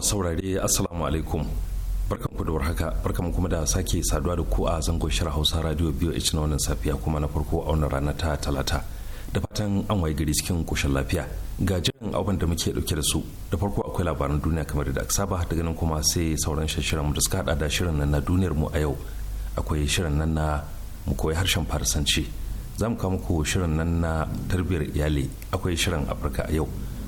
saurare assalamu alaikum barkan ku da warhaka barkan kuma da sake saduwa da ku a zango shirin hausa radio biyu na wannan safiya kuma na farko a wannan rana ta talata da fatan an waye gari cikin koshin lafiya ga jiran abin da muke dauke da su da farko akwai labaran duniya kamar da aka saba daga nan kuma sai sauran shirin mu da suka hada da shirin nan na duniyar mu a yau akwai shirin nan na mu koyi harshen farisanci za mu kawo muku shirin nan na tarbiyyar iyali akwai shirin afirka a yau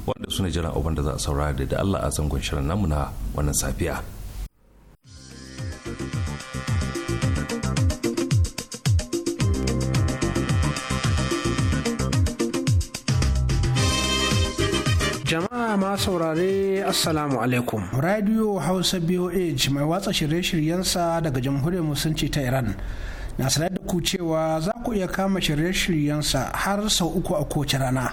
wanda su ne jiran abin da za a saurara da Allah a zangon shirin namu na wannan safiya. jama'a ma saurare assalamu alaikum radio hausa boh mai watsa shirye-shiryensa daga jamhuriyar musulunci ta iran na sanar da ku cewa za ku iya kama shirye-shiryensa har sau uku a kowace rana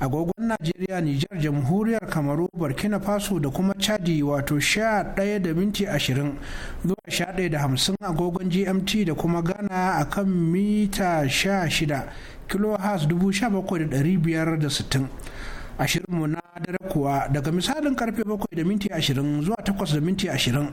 agogon najeriya nijar jamhuriyar kamaru burkina faso da kuma chadi wato sha ɗaya da minti ashirin zuwa sha ɗaya da hamsin agogon gmt da kuma ghana a kan mita sha shida kilohas dubu sha bakwai da ɗari biyar da sittin mu na dare kuwa daga misalin karfe bakwai da minti ashirin zuwa takwas da minti ashirin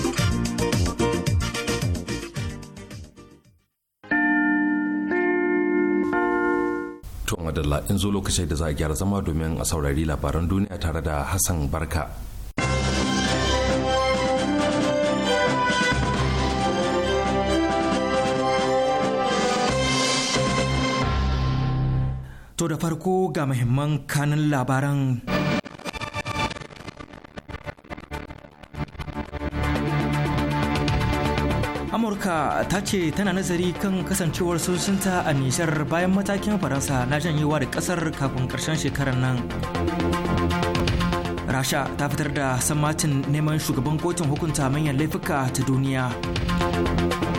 To madalla in zo lokacin da za a gyara zama domin a saurari labaran duniya tare da Hassan Barka. To da farko ga muhimman kanin labaran. ta ce tana nazari kan kasancewar sojojinta a Nishar bayan matakin Faransa na janyewa da kasar kafin karshen shekarar nan. Rasha ta fitar da sammacin neman shugaban kotun hukunta manyan laifuka ta duniya.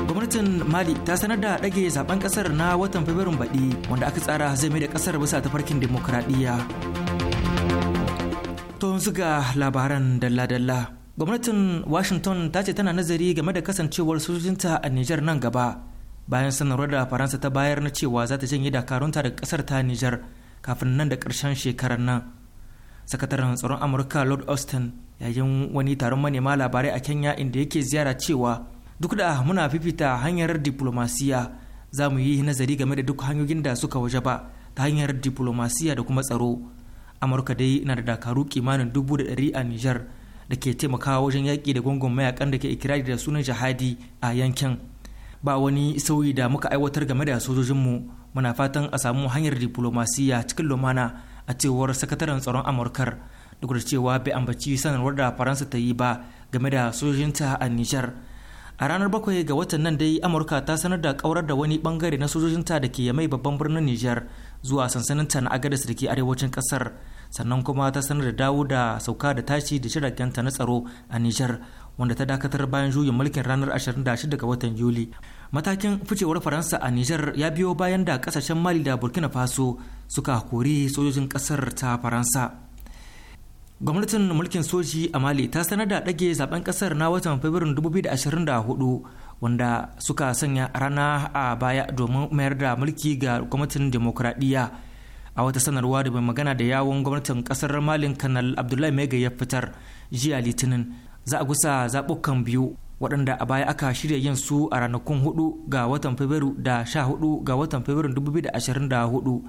Gwamnatin Mali ta sanar da ɗage zaben kasar na watan Fabrairu baɗi wanda aka tsara zai mai da kasar bisa tafarkin dimokuraɗiyya. To yanzu ga labaran dalla-dalla. gwamnatin washington ta ce tana nazari game da kasancewar sojojinta a niger nan gaba bayan sanarwar da faransa ta bayar na cewa za ta janye dakarunta daga kasar ta niger kafin nan da karshen shekarar nan sakataren tsaron amurka lord austin yayin wani taron manema labarai a kenya inda yake ziyara cewa duk da muna fifita hanyar diplomasiya za mu yi nazari game da duk hanyoyin da suka waje ba ta hanyar diplomasiya da kuma tsaro amurka dai na da dakaru kimanin dubu da ɗari a niger da ke taimakawa wajen yaƙi da gungun mayakan da ke ikirari da sunan jihadi a yankin ba wani sauyi da muka aiwatar game da sojojinmu muna fatan a samu hanyar diplomasiya cikin lumana a cewar sakataren tsaron amurkar duk da cewa bai ambaci sanarwar da faransa ta yi ba game da sojojinta a nijar a ranar bakwai ga watan nan dai amurka ta sanar da kaurar da wani bangare na sojojinta da ke mai babban birnin nijar zuwa ta na agadas da ke arewacin kasar sannan kuma ta sanar da dawo da sauka da tashi da jiragenta na tsaro a Nijar wanda ta dakatar bayan juyin mulkin ranar 26 ga watan Yuli. Matakin ficewar Faransa a Nijar ya biyo bayan da kasashen Mali da Burkina Faso suka kori sojojin kasar ta Faransa. Gwamnatin mulkin soji a Mali ta sanar da ɗage zaben kasar na watan Fabrairun 2024 wanda suka sanya rana a baya domin mayar da mulki ga gwamnatin demokradiyya a wata sanarwa da mai magana da yawon gwamnatin kasar malin kanal abdullahi mega ya fitar jiya litinin za a gusa zaɓukan biyu waɗanda a baya aka shirya yin su a ranakun 4 ga watan fabrairu da 14 ga watan fabrairu 2024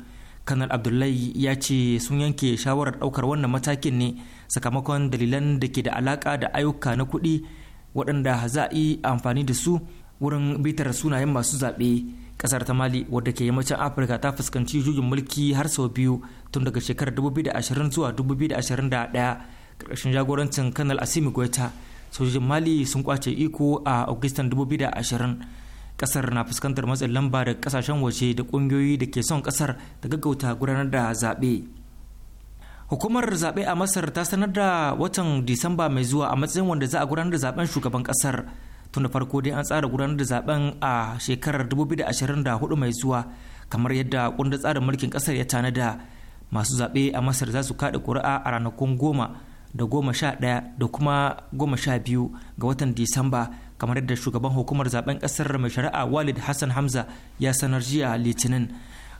kanal abdullahi ya ce sun yanke shawarar ɗaukar wannan matakin ne sakamakon dalilan da ke da alaƙa da ayyuka na kuɗi waɗanda za a yi amfani da su wurin bitar sunayen masu zaɓe kasar ta mali wadda ke yammacin afirka ta fuskanci juyin mulki har sau biyu tun daga shekarar 2020 zuwa 2021 karkashin jagorancin kanal asimi goita sojojin mali sun kwace iko a augustan 2020 kasar na fuskantar matsin lamba da kasashen waje da kungiyoyi da ke son kasar da gaggauta gudanar da zaɓe hukumar zaɓe a masar ta sanar da watan disamba mai zuwa a matsayin wanda za a gudanar da zaben shugaban kasar tun da farko dai an tsara gudanar da zaben a shekarar 2024 mai zuwa kamar yadda kundin tsarin mulkin kasar ya tanada masu zaɓe a masar za su kaɗa kuri'a a ranakun goma da goma sha ɗaya da kuma goma sha biyu ga watan disamba kamar yadda shugaban hukumar zaben kasar mai shari'a walid hassan hamza ya sanar jiya litinin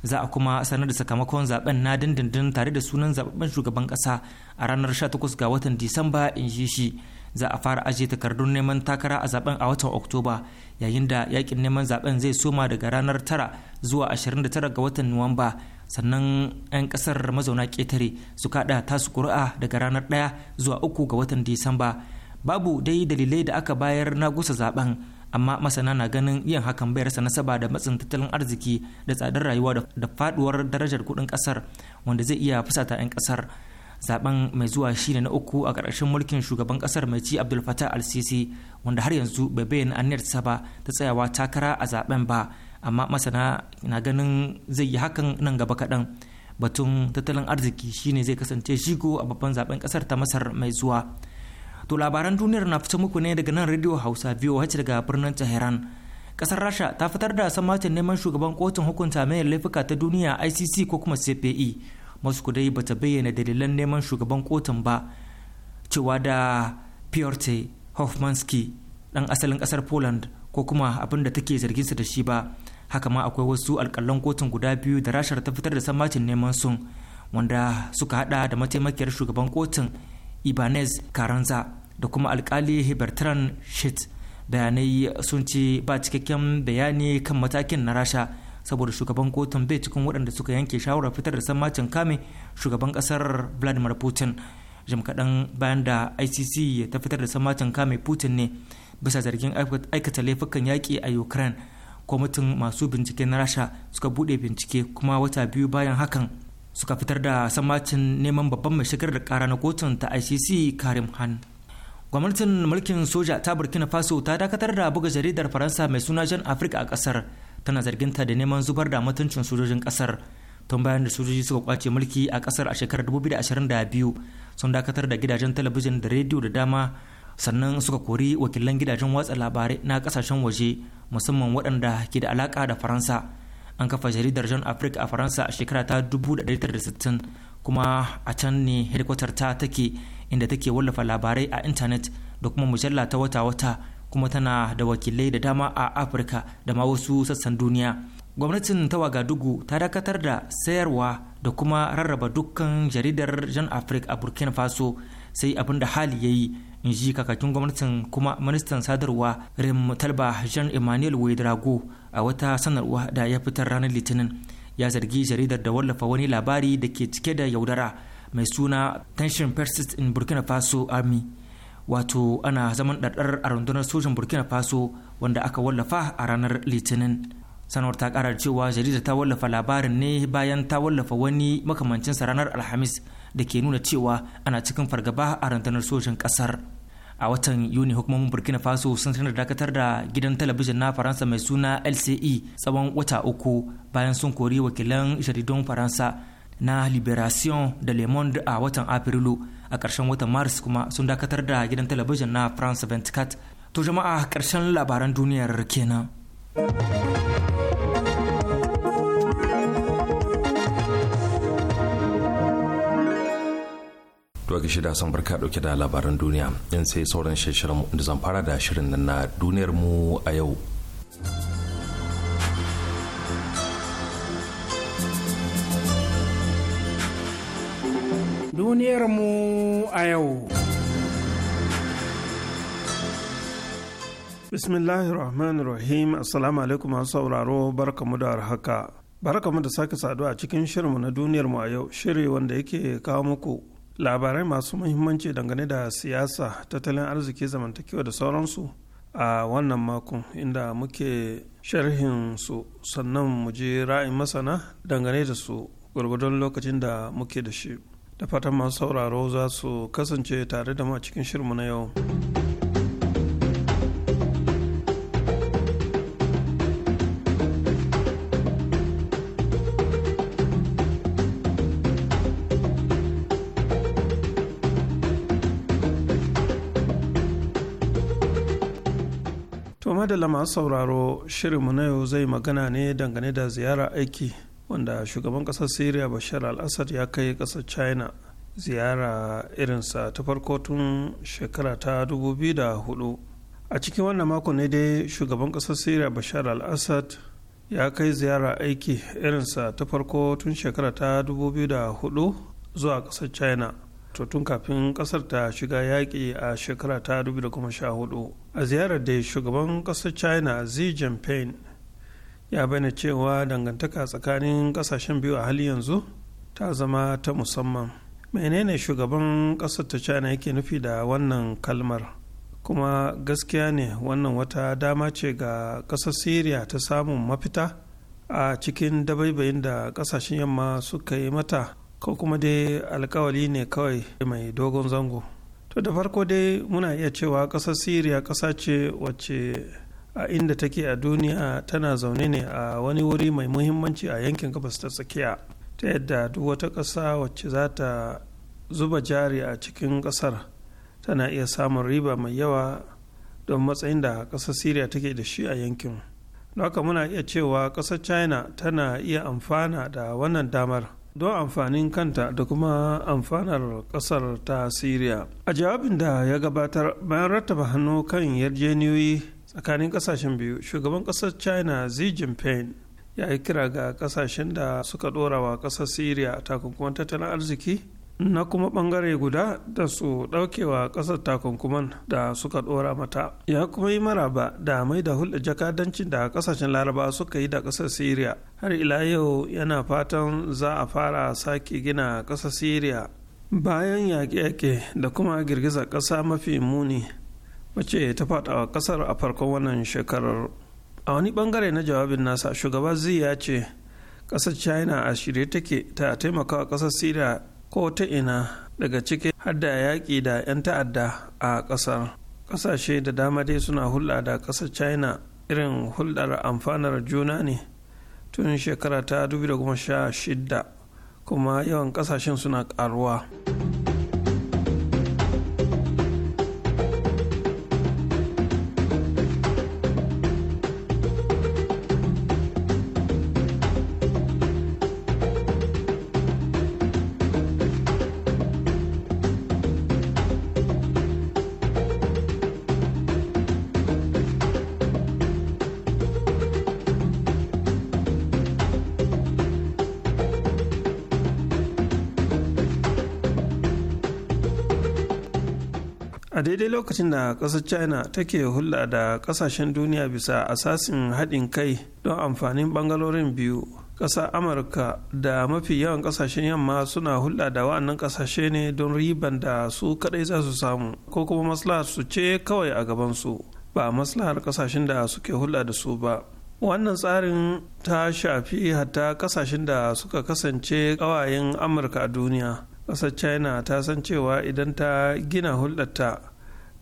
za a kuma sanar da sakamakon zaben na dindindin tare da sunan zababben shugaban kasa a ranar 18 ga watan disamba in shi za a fara ajiye takardun neman takara a zaben a watan oktoba yayin da yakin neman zaben zai soma daga ranar 9 zuwa 29 ga watan nuwamba sannan 'yan kasar mazauna ketare su kada tasu kuri'a daga ranar 1 zuwa 3 ga watan disamba babu dai dalilai da aka bayar na gusa zaben amma masana na ganin yin hakan bai rasa nasaba da matsin tattalin arziki da tsadar rayuwa da faduwar darajar kudin kasar wanda zai iya fusata 'yan kasar zaben mai zuwa shine na uku a ƙarshen mulkin shugaban kasar mai ci abdul fatah al-sisi wanda har yanzu bai bayyana aniyarsa ba ta tsayawa takara a zaben ba amma masana na ganin zai yi hakan nan gaba kaɗan batun tattalin arziki shine zai kasance shigo a babban zaben ƙasar ta masar mai zuwa to labaran duniyar na fita muku ne daga nan radio hausa biyu wacce daga birnin tehran kasar rasha ta fitar da samatin neman shugaban kotun hukunta mai laifuka ta duniya icc ko kuma cpe moscow dai bata bayyana dalilan neman shugaban kotun ba cewa da piotr hofmanski dan asalin kasar poland ko kuma abin da take zarginsa da shi ba haka ma akwai wasu alkalan kotun guda biyu da rashar ta fitar da sammacin neman sun wanda suka hada da mataimakiyar shugaban kotun ibanez karanza da kuma alkali bertrand shit bayanai sun ce ba cikakken bayani kan matakin na rasha saboda shugaban kotun bai cikin waɗanda suka yanke shawarar fitar da sammacin kame shugaban ƙasar vladimir putin jim kaɗan bayan da icc ta fitar da sammacin kame putin ne bisa zargin aikata laifukan yaƙi a ukraine kwamitin masu bincike na rasha suka buɗe bincike kuma wata biyu bayan hakan suka fitar da sammacin neman babban mai shigar da ƙara na kotun ta icc karim han gwamnatin mulkin soja ta burkina faso ta dakatar da buga jaridar faransa mai suna jan afirka a kasar tana zarginta da neman zubar da mutuncin sojojin kasar tun bayan da sojoji suka kwace mulki a kasar a shekarar 2022 sun dakatar da gidajen talabijin da rediyo da dama sannan suka kori wakilan gidajen watsa labarai na kasashen waje musamman waɗanda ke da alaka da faransa an kafa jaridar jean africa a faransa a shekara ta 1960 kuma a can ne hedikwatar ta take inda take wallafa labarai a intanet da kuma mujalla ta wata-wata kuma tana da wakilai da dama a afirka da ma wasu sassan duniya gwamnatin ta wagadugu ta dakatar da sayarwa da kuma rarraba dukkan jaridar jan afirka a burkina faso sai abin da hali ya yi in ji kakakin gwamnatin kuma ministan sadarwa rim talba jean emmanuel wedrago a wata sanarwa da ya fitar ranar litinin ya zargi jaridar da wallafa wani labari da ke cike da yaudara mai suna tension persist in burkina faso army wato ana zaman ɗaɗɗar a rundunar sojin burkina faso wanda aka wallafa a ranar litinin sanarwar ta karar cewa jarida ta wallafa labarin ne bayan ta wallafa wani makamancinsa ranar alhamis da ke nuna cewa ana cikin fargaba a rundunar sojin ƙasar a watan yuni hukumomin burkina faso sun sanar dakatar da gidan talabijin na faransa mai suna lce tsawon wata uku bayan sun kori wakilan jaridun faransa na liberation da le monde a watan afrilu a ƙarshen watan maris kuma sun dakatar da gidan talabijin na france 24 to jama'a ƙarshen labaran duniyar kenan to ga shida son barka dauke da labaran duniya in sai sauran shirin da zan fara da shirin na duniyar mu a yau duniyarmu a yau. Bismillahirrahmanirrahim Assalamu alaikum masu sauraro barkamu da haka. Barkamu da sake saduwa a cikin shirinmu na duniyarmu a yau, shiri wanda yake kawo muku labarai masu muhimmanci dangane da siyasa, tattalin arziki, zamantakewa da sauransu a wannan makon inda muke sharhin su sannan mu je ra'ayin masana dangane da su gwargwadon lokacin da muke da shi. da fatan masu sauraro za su kasance tare da mu a cikin shirmu na yau. To madalla masu sauraro shirinmu na yau zai magana ne dangane da ziyara aiki wanda shugaban ƙasar syria bashar al-assad ya kai ƙasar china ziyara irinsa ta farko tun shekara ta 2004 a cikin wannan mako ne dai shugaban ƙasar syria bashar al-assad ya kai ziyara aiki irinsa ta farko tun shekara ta 2004 zuwa ƙasar china to tun kafin kasar ta shiga yaƙi a shekara ta 2014 a ziyarar da shugaban ƙasar china xi jinping ya bayyana cewa dangantaka tsakanin kasashen biyu a hali yanzu ta zama ta musamman menene shugaban ƙasar ta china yake nufi da wannan kalmar kuma gaskiya ne wannan wata dama ce ga ƙasar syria ta samun mafita a cikin dabaibayin da ƙasashen yamma suka yi mata ko kuma dai alkawali ne kawai mai dogon zango to da farko dai muna iya cewa ƙasar syria ƙasa ce wacce a inda take a duniya tana zaune ne a wani wuri mai muhimmanci a yankin gabas ta tsakiya ta yadda duk wata ƙasa wacce za ta zuba jari a cikin ƙasar tana iya samun riba mai yawa don matsayin da ƙasar syria take da shi a yankin don haka muna iya cewa ƙasar china tana iya amfana da wannan damar don amfanin kanta da kuma amfanar ƙasar ta syria a jawabin da ya gabatar bayan rattaba hannu kan yarjeniyoyi tsakanin kasashen biyu shugaban kasar china xi jinping ya yi kira ga kasashen da suka dora wa kasar syria takunkuman tattalin arziki na kuma bangare guda da su daukewa kasar takunkuman da suka dora mata ya kuma yi maraba da mai da hulɗa jakadancin da kasashen laraba suka yi da kasar syria har ila yau yana fatan za a fara sake gina kasar syria bayan yaƙe-yaƙe da kuma girgizar ƙasa mafi muni mace ta fada kasar a farkon wannan shekarar a wani bangare na jawabin nasa shugaba zai ya ce kasar china a shirye take ta taimaka wa kasar syria ko ta ina daga ciki har da yaƙi da 'yan ta'adda a kasar kasashe da dama dai suna hulɗa da kasar china irin hulɗar amfanar juna ne tun shekara ta 2016 kuma yawan kasashen suna ƙaruwa. lokacin da ƙasar china take hulɗa da ƙasashen duniya bisa asasin haɗin kai don amfanin ɓangarorin biyu ƙasa amurka da mafi yawan ƙasashen yamma suna hulɗa da wa'annan ƙasashe ne don riban da su kaɗai za su samu ko kuma maslahar su ce kawai a gaban su ba maslahar ƙasashen da suke hulɗa da su ba wannan tsarin ta shafi hatta ƙasashen da suka kasance ƙawayen amurka a duniya ƙasar china ta san cewa idan ta gina hulɗarta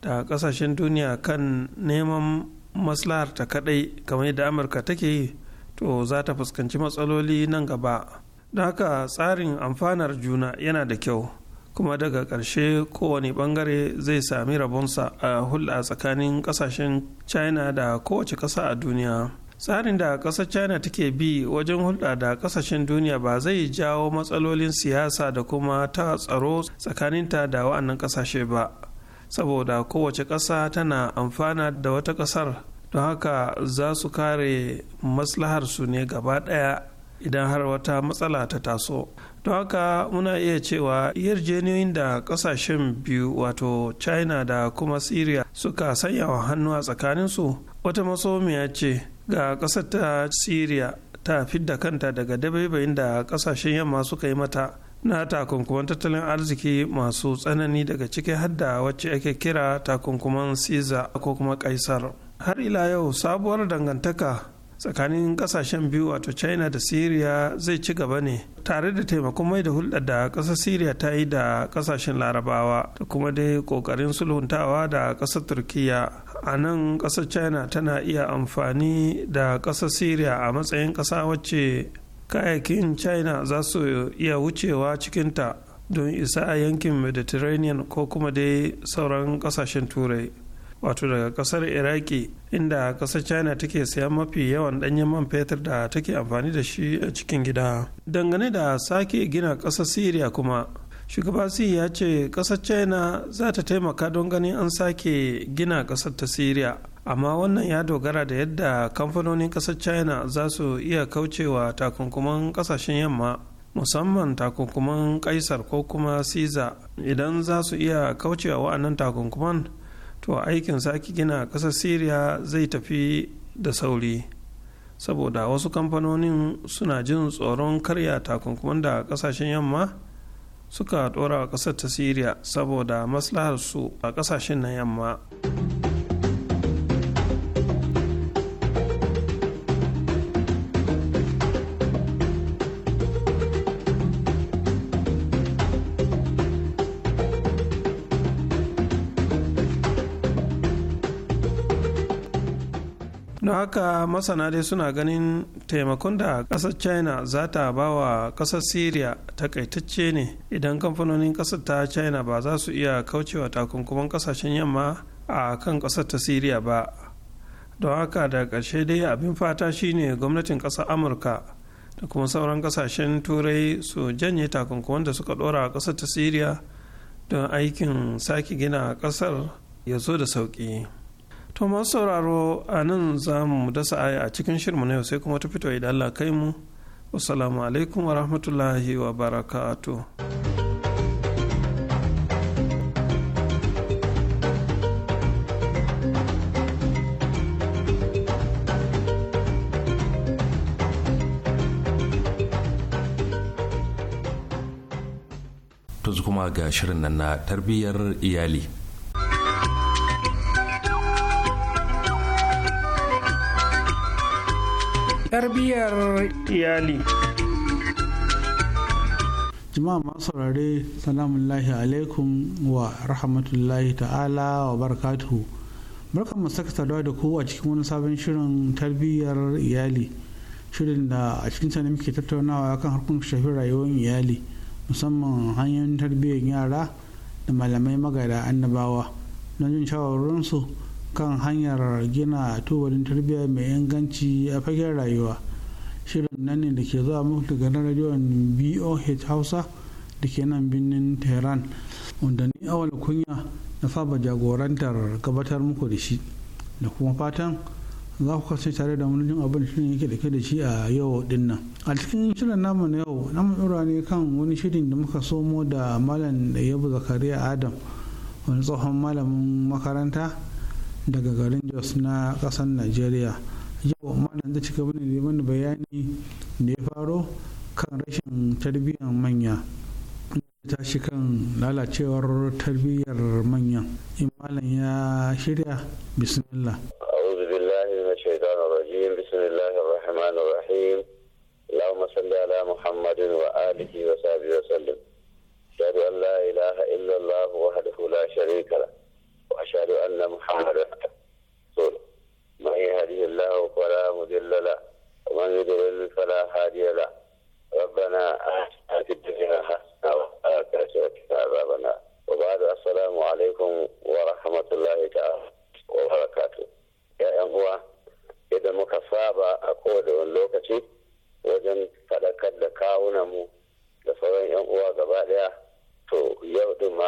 da kasashen duniya kan neman maslahar ta kadai kamar yadda amurka take yi to za ta fuskanci matsaloli nan gaba da haka tsarin amfanar juna yana da kyau kuma daga ƙarshe kowane bangare zai sami rabonsa a hulɗa tsakanin ƙasashen china da kowace ƙasa a duniya tsarin da ƙasar china take bi wajen hulɗa da ƙasashen duniya ba zai jawo matsalolin siyasa da kuma ta tsaro tsakaninta da wa'annan ƙasashe ba saboda kowace ƙasa tana amfana da wata ƙasar don haka za su kare maslaharsu ne gaba ɗaya idan har wata matsala ta taso don haka muna iya cewa yarjeniyoyin da ƙasashen biyu wato china da kuma syria suka sanya wa hannu a tsakaninsu wata masomiya ce ga ƙasar ta syria ta fidda kanta daga dabaibayin da ƙasashen yamma suka yi mata na takunkuman tattalin arziki masu tsanani daga ciki hadda wacce ake kira takunkuman siza ko kuma kaisar har ila yau sabuwar dangantaka tsakanin kasashen biyu wato china da syria zai ci gaba ne tare da taimakon mai da hulɗar da ƙasar syria ta yi da ƙasashen larabawa da kuma dai ƙoƙarin sulhuntawa da ƙasar turkiya a nan ƙasar china tana iya amfani da ƙasar syria a matsayin ƙasa wacce kayakin china za su iya wucewa cikinta don isa a yankin mediterranean ko kuma dai sauran kasashen turai wato daga kasar iraki inda kasar china take sayan mafi yawan danyen man fetur da take amfani da shi a cikin gida dangane da sake gina kasar syria kuma shugaba si ya ce kasar china za ta taimaka don ganin an sake gina kasar ta syria amma wannan ya dogara da yadda kamfanonin kasar china za su iya kaucewa takunkuman kasashen yamma musamman takunkuman kaisar ko kuma caesar idan za su iya kaucewa wa'annan takunkuman to aikin sake gina kasar syria zai tafi da sauri saboda wasu kamfanonin suna jin tsoron karya takunkuman da kasashen yamma suka dora wa ƙasar ta syria saboda maslaharsu a kasashen na yamma. don haka masana dai suna ganin taimakon da ƙasar china za ta ba wa ƙasar syria takaitacce ne idan kamfanonin ƙasar ta china ba za su iya kaucewa takunkuman ƙasashen yamma a kan ƙasar ta syria ba don haka da ƙarshe dai abin fata shine gwamnatin ƙasar amurka da kuma sauran ƙasashen turai su janye takunkuman da suka ɗora kasar ƙasar ta syria don aikin sake gina ƙasar ya zo da sauƙi. to masu sauraro a nan za mu dasa aya a cikin shirmu na yau sai kuma ta fito idan Allah kai mu wasalamu alaikum wa rahmatullahi wa barakatu yanzu kuma ga shirin nan na tarbiyyar iyali tarbiyyar iyali jama'a masu saurare salamun lahi alaikum wa rahmatullahi ta'ala wa barakatuhu barkan mu saka saduwa da ku a cikin wani sabon shirin tarbiyyar iyali shirin da a cikin sanin muke tattaunawa kan harkun shafi rayuwar iyali musamman hanyoyin tarbiyyar yara da malamai magada annabawa don jin shawarwarinsu kan hanyar gina tubalin tarbiyya mai inganci a fagen rayuwa shirin nan ne da ke zuwa muku daga na rediyon boh hausa da ke nan birnin tehran wanda ni awal kunya na saba jagorantar gabatar muku da shi da kuma fatan za ku kasance tare da wani abin shirin yake da ke da shi a yau din nan a cikin shirin namu na yau na mu ne kan wani shirin da muka somo da malam da yabu zakariya adam wani tsohon malamin makaranta daga garin jos na ƙasar nigeria yau malam zai cika wani neman bayani da ya faro kan rashin tarbiyyar manya ta shi kan lalacewar tarbiyyar manyan in malam ya shirya bismillah Shari'a Allah من الشيطان الرجيم بسم الله الرحمن وأشهد أن محمدا رسوله من يهده الله فلا مضل له ومن يضلل فلا هادي له ربنا آتنا في الدنيا حسنة وآتنا عذاب النار وبعد السلام عليكم ورحمة الله تعالى وبركاته يا أخوة إذا مكصابة أقول وان لوكتي وجن faɗakar da kawunanmu da sauran 'yan uwa gaba ɗaya to yau ɗin ma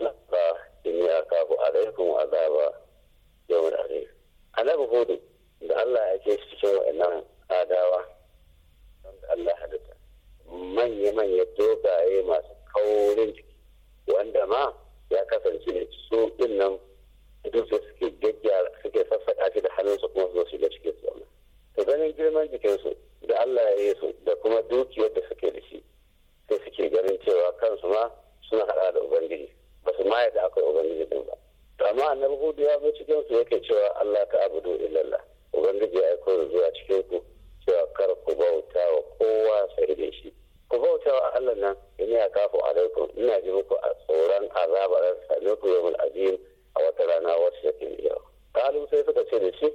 labba in ya kafu alaikum azaba yau da ne annabi hudu da Allah ya ke cikin wa'annan adawa wanda Allah halitta manya-manya dogaye masu kaurin jiki wanda ma ya kasance ne su din nan duk suke gaggyara suke sassaƙa shi da hannunsu kuma su shiga cikin su to ganin girman jikinsu da Allah ya yi su da kuma dukiyar da suke da shi sai suke ganin cewa kansu ma suna haɗa da ubangiji ba su ma yadda akwai ubangiji din ba to amma annabi hudu ya zo cikin su yake cewa Allah ta abudu illalla ubangiji ya aiko zuwa cikin ku cewa kar ku bauta wa kowa sai da shi ku bauta wa Allah nan in ya kafu alaikum ina ji muku a tsoron azabar ku yawmul azim a wata rana wacce take mai yawa kalu sai suka ce da shi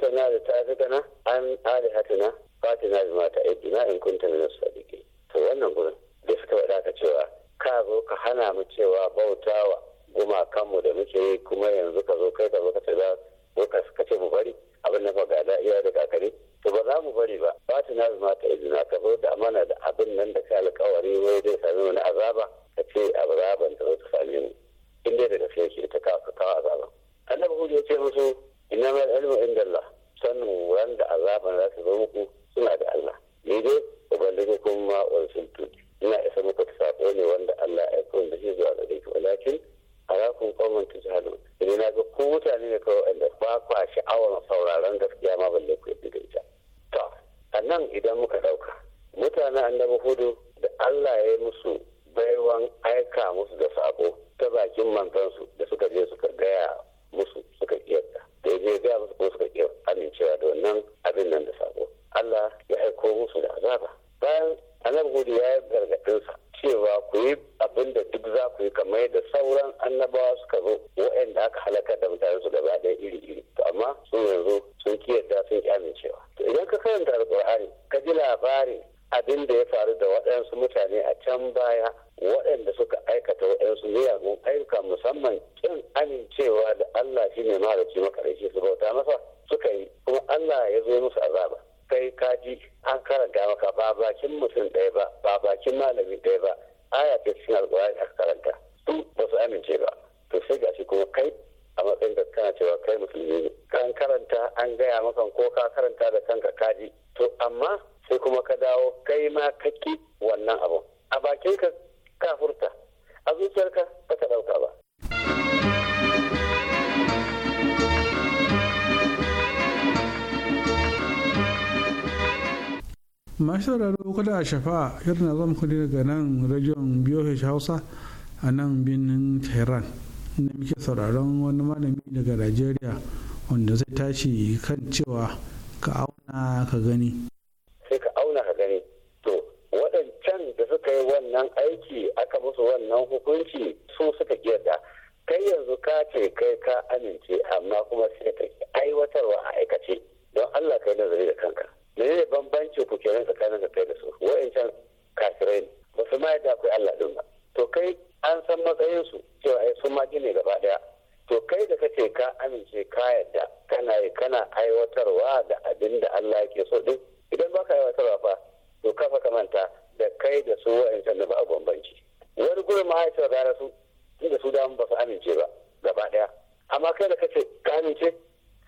ta na da ta fi gana an hatina fatina da mata ibna in kunta na su sadiki to wannan gurin da suka faɗa ka cewa ka zo ka hana mu cewa bautawa gumakanmu da muke yi kuma yanzu ka zo kai ka zo ka ce za ka ce mu bari abin na ga da iya da kakare to ba za mu bari ba ba ta na zama ta izina ka zo da amana da abin nan da ka alkawari wai zai sami wani azaba ka ce azaban ta zo ta same mu in dai da gaske yake ta kawo azaban annabi hudu ya ce musu inna mai ilmu inda Allah sanin wanda azaban za ta zo muku suna da Allah Ni dai ubangiji kuma wani sun tuki ina isa muka da sako ne wanda Allah ya aiko da shi zuwa da ki walakin arakun qawmun tajhalun idan na ga ko mutane ne kawai da ba kwa sha'awar sauraron gaskiya ma balle ku da ita to nan idan muka dauka mutanen annabi hudu da Allah ya yi musu baiwan aika musu da sako ta bakin mantansu da suka je suka gaya musu suka kiyarta da ya je gaya musu ko suka kiyar amincewa da wannan abin nan da sako Allah ya aiko musu da azaba bayan annabi hudu ya gargaɗinsa cewa ku yi abin da duk za ku yi kamar yadda sauran annabawa suka zo waɗanda aka halaka da mutane su gaba ɗaya iri iri to amma sun yanzu sun kiyarda sun ki amincewa to idan ka karanta alƙur'ani ka ji labarin abin da ya faru da waɗansu mutane a can baya waɗanda suka aikata waɗansu miyagun ayyuka musamman kin amincewa da Allah shi shine mahalici makarashi su bauta masa suka yi kuma Allah ya zo musu azaba kai kaji an karanta maka ba bakin mutum ɗaya ba ba bakin malami ɗaya ba aya ta cikin alƙur'ani aka karanta su ba su amince ba to sai gashi kuma kai a matsayin da kana cewa kai musulmi ne kan karanta an gaya maka ko ka karanta da kanka kaji to amma sai kuma ka dawo kai ma kaki wannan abu a bakin ka ka furta a zuciyarka ba ta ɗauka ba masu sauraro kada a shafa yadda na zama kudi daga nan rajon BOH Hausa a nan birnin Tehran na muke sauraron wani malami daga nigeria wanda zai tashi kan cewa ka auna ka gani. Sai ka auna ka gani. To, waɗancan da suka yi wannan aiki aka musu wannan hukunci su suka yarda. Kai yanzu ka ce kai ka amince amma kuma sai ka aiwatarwa a aikace. Don Allah ka yi nazari da kanka. me ne bambanci ku kenan tsakanin da kai da su wa'ancan kafirai ne ba su ma yadda akwai Allah din ba to kai an san matsayin su cewa ai sun ma ne gaba ɗaya to kai da kace ka amince ka yadda kana yi kana aiwatarwa da abin da Allah yake so din idan ba ka aiwatarwa fa to kafa ka manta da kai da su wa'ancan da ba a bambanci wani gurin mahaifiyar gara su inda su damu ba su amince ba gaba ɗaya amma kai da kace ka amince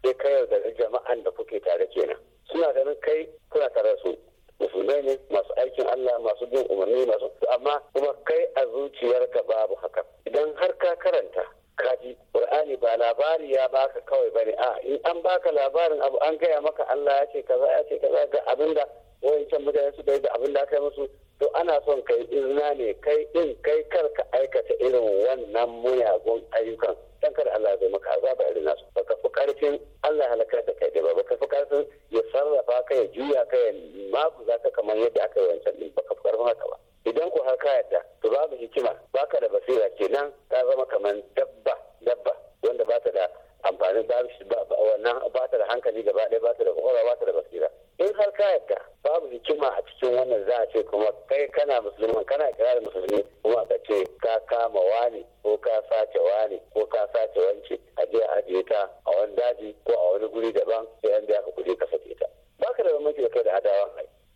sai ka yarda jama'an da kuke tare kenan suna ganin kai kuna tare su musulmai ne masu aikin Allah masu bin umarni masu amma kuma kai a zuciyarka babu haka idan har ka karanta kaji Qur'ani ba labari ya baka kawai bane a in an baka labarin abu an gaya maka Allah ya ce kaza ya ce kaza ga abinda wayancan mutane su da abinda aka yi musu to ana son kai izina ne kai din kai kar ka aikata irin wannan muyagun ayyukan dan kar Allah zai maka azaba irin nasu baka fi karfin Allah halaka da kai ba baka fi karfin ya sarrafa ka ya juya ka ya maku za ka kamar yadda aka yi wancan din baka fi karfin haka ba idan ko har ka yadda to babu hikima baka da basira kenan ka zama kamar dabba dabba wanda ba ta da amfani ba wannan ba ta da hankali gaba ɗaya ba ta da kwakwalwa ba ta da basira in har ka yadda babu hikima a cikin wannan za a ce kuma kai kana musulman kana kira da musulmi kuma ka ce ka kama wani ko ka sace wani ko ka sace wance a je a ajiye ta a wani daji ko a wani guri daban sai an biya ka kuɗi ka sake ta ba ka da bambanci da kai da adawa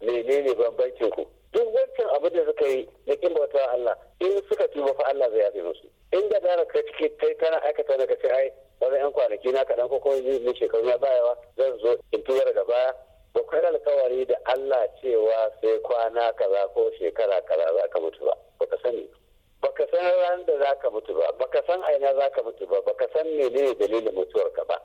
menene bambancin ku duk wancan abin da suka yi na kin bautawa Allah in suka tuba fa Allah zai yafe musu in da gara ka ciki kai kana aikata na ka ce ai wani yan kwanaki na kaɗan ko kuma ne shekaru na bayawa zan zo in tura daga baya bakwai alkawari da Allah cewa sai kwana kaza ko shekara kaza za ka mutu ba baka sani baka san ran da za ka mutu ba baka san aina za ka mutu ba baka san menene dalilin mutuwarka ba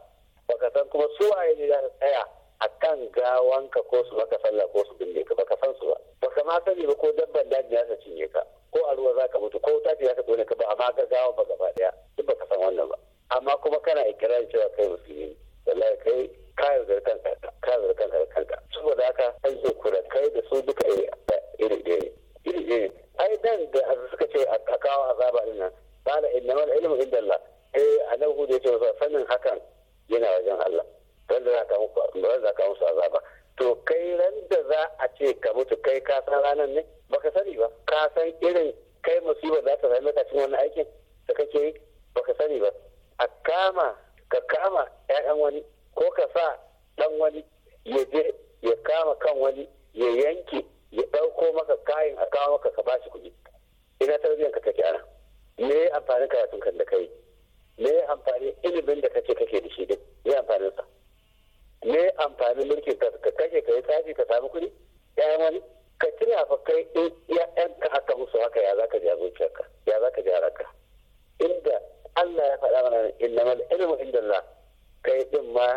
baka san kuma su waye ne za ka tsaya a kan gawanka ko su maka sallah ko su binne ka baka san su ba baka ma sani ba ko dabban daji ya ta cinye ka ko a ruwa za ka mutu ko wuta ya za tone ka ba amma ga gawa ba gaba daya duk baka san wannan ba amma kuma kana ikirarin cewa kai musulmi wallahi kai ka yarda kanka ka yarda kanka kanka saboda haka an ce kura kai da su duka eh, eh, iri iri iri iri iri ai dan da suka ce a kawo azaba din nan bala innamal ilmu inda indallah eh annabi hudu ya ce sanin hakan yana wajen Allah dan da ka muku dan da zaka musu azaba to kai ran da za a ce ka mutu kai ka san ranar ne baka sani ba ka san irin kai musibar za ta same ka cikin wannan aikin da kake yi baka sani ba a kama ka kama 'ya'yan wani ko ka sa ɗan wani ya je ya kama kan wani ya yanke ya ɗauko maka kayan a kawo maka ka bashi kuɗi ina tarbiyyar ka take ana me amfani karatun kan da kai me amfani ilimin da kake kake da shi din me amfanin sa me amfani mulkin ka ka kake ka yi tsafi ka samu kuɗi ƴaƴan wani ka tuna fa kai in ƴaƴan ka haka musu haka ya zaka ji zuciyarka ya zaka ji haraka inda Allah ya faɗa mana innamal ilmu indallah kai din ma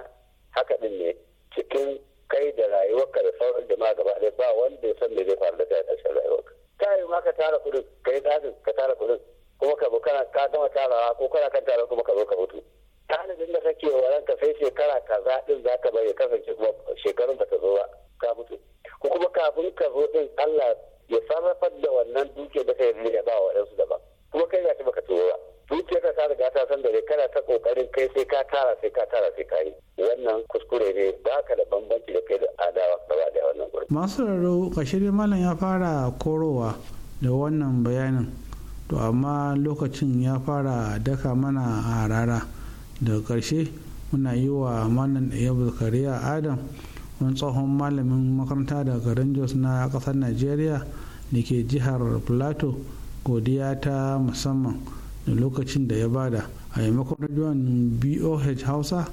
haka din ne cikin kai da rayuwarka da sauran jama'a gaba ɗaya ba wanda ya san me zai faru da kai a ƙarshen rayuwarka ka yi ma ka tara kuɗin ka yi tsarin ka tara kuɗin kuma ka bu kana ka gama tarawa ko kana kan tarawa kuma ka zo ka mutu tanadin da kake waran ka sai shekara kaza din za ka bari kasance kuma shekarun ba ta zo ba ka mutu ko kuma kafin ka zo din Allah ya sarrafa da wannan dukiyar da kai ne ya ba wa waɗansu daban kuma kai ga shi ka tuwo ba zuciyarka ta riga ta san da dai kana ta kokarin kai sai ka tara sai ka tara sai ka yi wannan kuskure ne ba ka da bambanci da kai da adawa gaba da wannan gurbi masu raro malam ya fara korowa da wannan bayanin to amma lokacin ya fara daka mana a harara daga ƙarshe muna yi wa malam yabu a adam wani tsohon malamin makaranta da garin jos na ƙasar najeriya da ke jihar plateau godiya ta musamman lokacin da ya bada a maimakon rajon boh hausa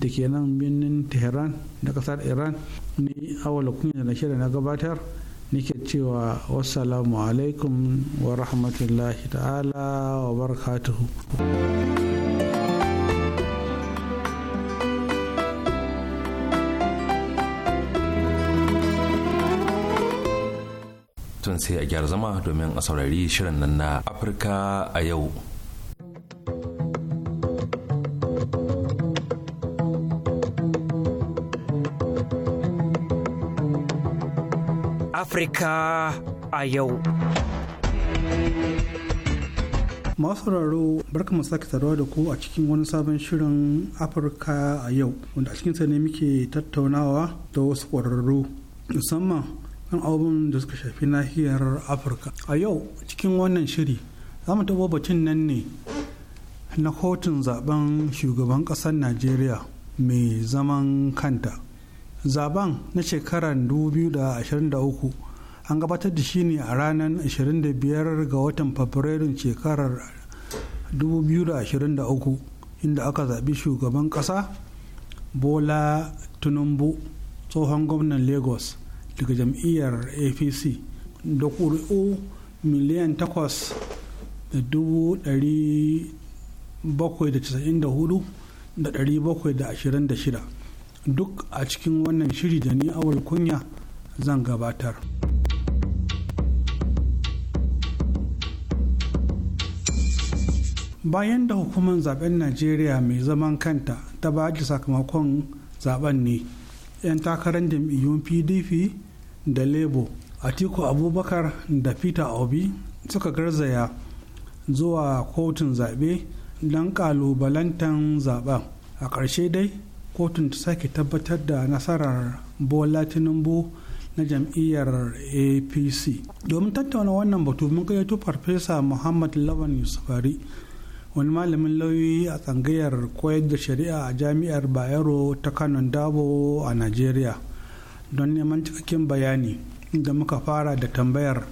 da ke nan birnin tehran da kasar iran ni awala kunya na shirya na gabatar nake cewa wassalamu alaikum wa rahmatullahi ta'ala wa barakatuhu tun sai a gyara zama domin a saurari shirin nan na afirka a yau Afirka a yau. Masu sauraro barka sake saduwa da ku a cikin wani sabon shirin Afirka a yau wanda a cikinsa ne muke tattaunawa da wasu ƙwararru musamman kan abubuwan da suka shafi nahiyar Afirka. A yau cikin wannan shiri za mu taɓa batun nan ne na kotun zaben shugaban ƙasar Najeriya mai zaman kanta zaben na shekarar 2023 an gabatar da shi ne a ranar 25 ga watan fabrairun shekarar 2023 inda aka zaɓi shugaban ƙasa bola tinubu tsohon gwamnan lagos daga jam'iyyar apc da ƙuri'u miliyan 8,794,726 duk a cikin wannan shiri da ni awal kunya zan gabatar. bayan da hukumar zaben najeriya mai zaman kanta ta ba da sakamakon zaben ne 'yan takarar jam'iyyun pdp da labour atiku abubakar da peter obi suka garzaya zuwa kotun zaɓe don ƙalubalantan zaben a ƙarshe dai kotun ta sake tabbatar da nasarar bola tinubu na jam'iyyar apc domin tattauna wannan batu mun gayyato farfesa muhammad lawan yusufari wani malamin lauyi a tsangayar koyar da shari'a a jami'ar bayero ta kano dabo a nigeria don neman cikakken bayani da muka fara da tambayar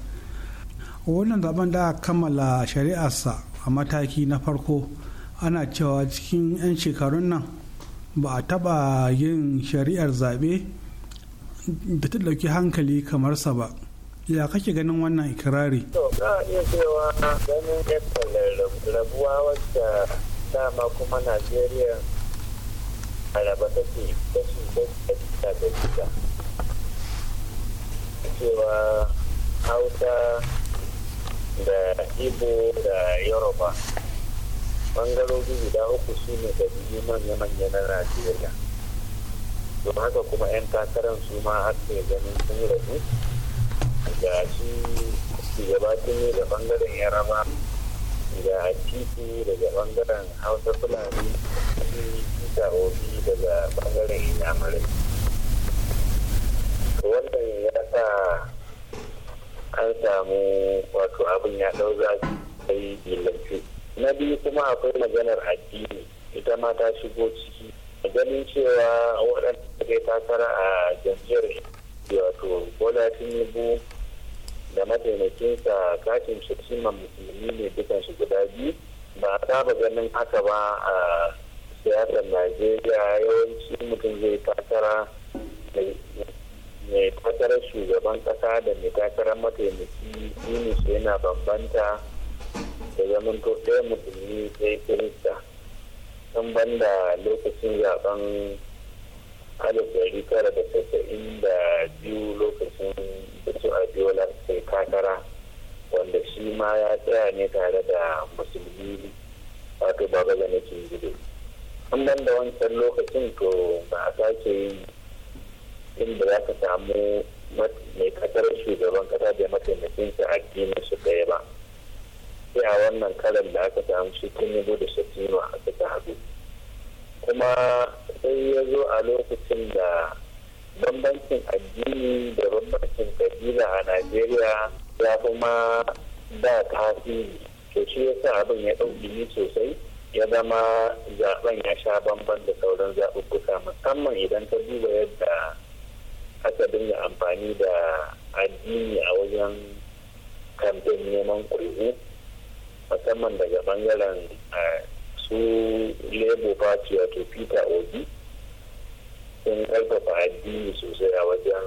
wannan zaben da aka kammala shari'arsa a mataki na farko ana cewa cikin 'yan shekarun nan ba a taɓa yin shari'ar zaɓe da ta ɗauki hankali kamar sa ba ya kake ganin wannan ikirari to za a iya cewa ganin yadda rabuwa wadda dama kuma najeriya a raba take kashi da shida cewa hausa da ibo da yoruba bangarori guda uku su ne da biyu manya-manya na najeriya don haka kuma 'yan takarar su ma aka ganin sun yi rabu ga shi gabatin ne da bangaren yaraba ga titi daga bangaren hausa fulani da obi daga bangaren inyamurai wannan ya sa an samu wato abin ya ɗau zafi sai bilanci na biyu kuma akwai maganar addini ita ma ta shigo ciki a ganin cewa waɗanda kai takara a jam'iyyar wato bola tinubu da mataimakinsa katin shirshima musulmi ne dukan shi guda biyu ba a saba ganin haka ba a siyasar najeriya yawanci mutum zai takara mai takarar shugaban kasa da mai takarar mataimaki yunus yana bambanta da zaman ɗaya musulmi sai kirista sun da lokacin zaben alif dari tara da tasa'in da biyu lokacin da su abiola sai kakara wanda shi ma ya tsaya ne tare da musulmi wato baba da nake gudu an banda wancan lokacin to ba a sake yin inda za ka samu mai kasar shugaban kasa da mataimakinsa addinin su ɗaya ba sai a wannan karan da aka samu shi kun yi da shatima a suka haɗu kuma sai ya zo a lokacin da bambancin addini da bambancin kabila a najeriya ya kuma da tasiri to shi ya sa abin ya ɗauki sosai ya zama zaben ya sha bamban da sauran zaɓuɓɓuka musamman idan ka duba yadda aka dinga amfani da addini a wajen kamfen neman ƙuri'u musamman daga bangaren eh, su labour party wato peter obi sun karfafa addini sosai a wajen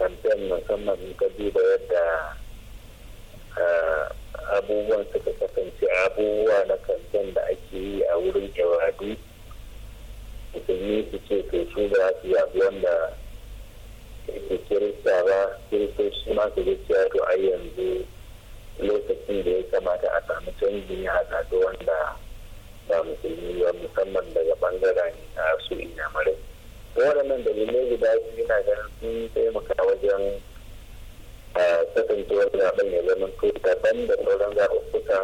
kamfen musamman ka duba yadda eh, abubuwan suka kasance abubuwa na kamfen da ake yi a wurin yawadu musulmi su ce to su ba su yabi wanda ke kirista ba su ma su ce to ai yanzu lokacin da ya kamata a samu canji a haɗaɗo wanda ba musulmi ba musamman daga ɓangaren a su inyamurai waɗannan dalilai guda biyu yana ganin sun taimaka wajen kasancewar zaɓen ya zama to daban da sauran zaɓuɓɓuka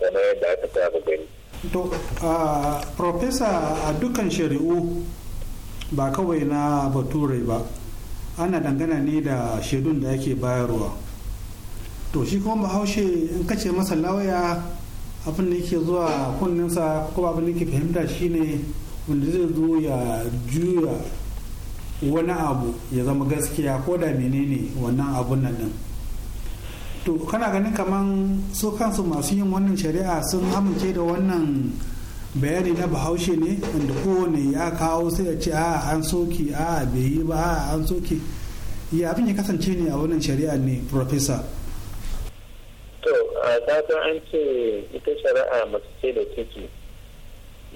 kamar yadda aka saba gani. To, Profesa a dukkan shari'u ba kawai na baturai ba, ana dangana ne da shaidun da ake bayarwa. to shi kuma bahaushe in kace masa lawaya abin da yake zuwa kunninsa ko abin da yake fahimta shine wanda zai zo ya juya wani abu ya zama gaskiya ko da menene wannan abun nan din to kana ganin kaman su kansu masu yin wannan shari'a sun amince da wannan bayani na bahaushe ne wanda kowane ya kawo sai ya ce a an soke a bai yi ba a an soke ya abin ya kasance ne a wannan shari'a ne professor ta san an ce ita shari'a mace ce da ciki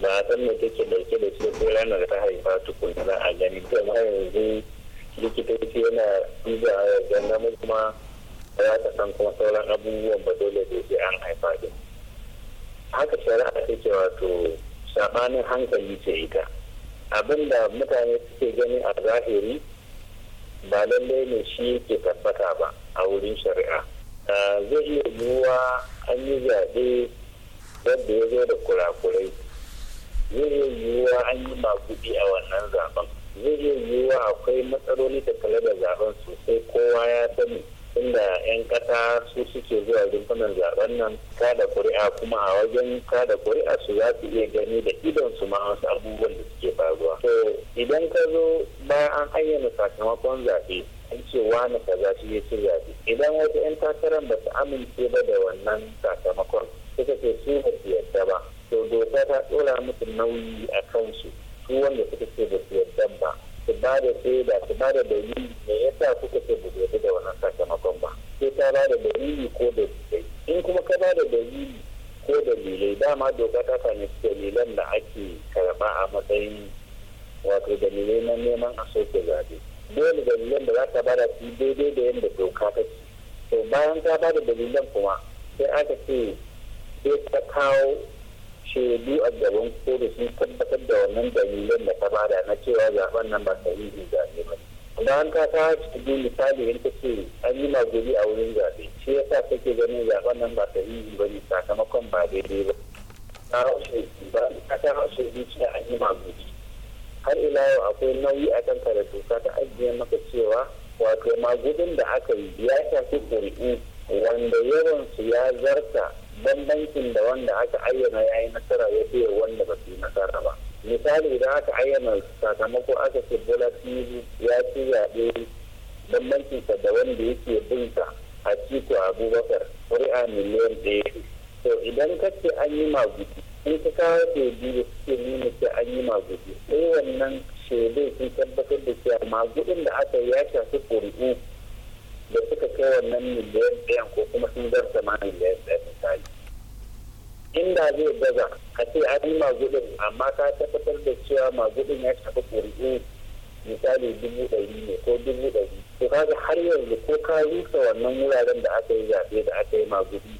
ba a san mai take dauke da ce ko ranar ta haifa tukuna na a gani to ma yanzu ce yana duba a ga namiji kuma ya ta san kuma sauran abubuwan ba dole da sai an haifa da haka shari'a take wato sabanin hankali ce ita abinda mutane suke gani a zahiri ba lallai ne shi yake tabbata ba a wurin shari'a zai iya yiwuwa an yi zaɓe wanda ya zo da kurakurai zai iya yiwuwa an yi maguɗi a wannan zaɓen zai iya yiwuwa akwai matsaloli da kala da zaben sosai kowa ya sani inda 'yan ƙasa su suke zuwa rumfunan zaɓen nan kada ƙuri'a kuma a wajen kada ƙuri'a su za su iya gani da idon su ma wasu abubuwan da suke faruwa to idan ka zo bayan an ayyana sakamakon zaɓe an ce wani kaza shi ya ci yaji idan wata 'yan takarar ba su amince ba da wannan sakamakon suka ce su ba su yadda ba to doka ta dora musu nauyi a kansu su wanda suka ce ba su yadda ba su ba da shaida su ba da dalili me yasa suka ce ba yadda da wannan sakamakon ba sai ta ba da dalili ko da dalilai in kuma ka ba da dalili ko da dalilai dama doka ta sami dalilan da ake karɓa a matsayin wato dalilai na neman a soke zaɓe dole dalilan da za ta bada su daidai da yadda doka ta ce to bayan ta bada dalilan kuma sai aka ce sai ta kawo shaidu a gaban da sun tabbatar da wannan dalilan da ta bada na cewa zaben nan ba sahihi zaɓe ba bayan ta ta shaidu misali yadda ce an yi maguri a wurin zaɓe shi sa take ganin zaben nan ba sahihi ba ne sakamakon ba daidai ba ta hau ba ta rashe yi maguri har ila yau akwai nauyi a kan da doka ta ajiye maka cewa wato magudin da aka yi ya shafi kuri'u wanda yawan su ya zarta bambancin da wanda aka ayyana ya yi nasara ya fiye wanda ba su yi nasara ba misali idan aka ayyana sakamako aka ce bola tinubu ya ci zaɓe bambancinsa da wanda yake sa a ciko abubakar kuri'a miliyan ɗaya to idan ka an yi maguti sun ka kawo shaidu da suke nuna ce an yi magudu sai wannan shaidai sun tabbatar da cewa magudun da aka yi ya shafi ƙuri'u da suka kai wannan miliyan ɗayan ko kuma sun zarta sama miliyan ɗaya misali inda zai gaza a ce an yi magudun amma ka tabbatar da cewa magudun ya shafi ƙuri'u misali dubu ɗari ne ko dubu ɗari to kaga har yanzu ko ka rusa wannan wuraren da aka yi zaɓe da aka yi magudi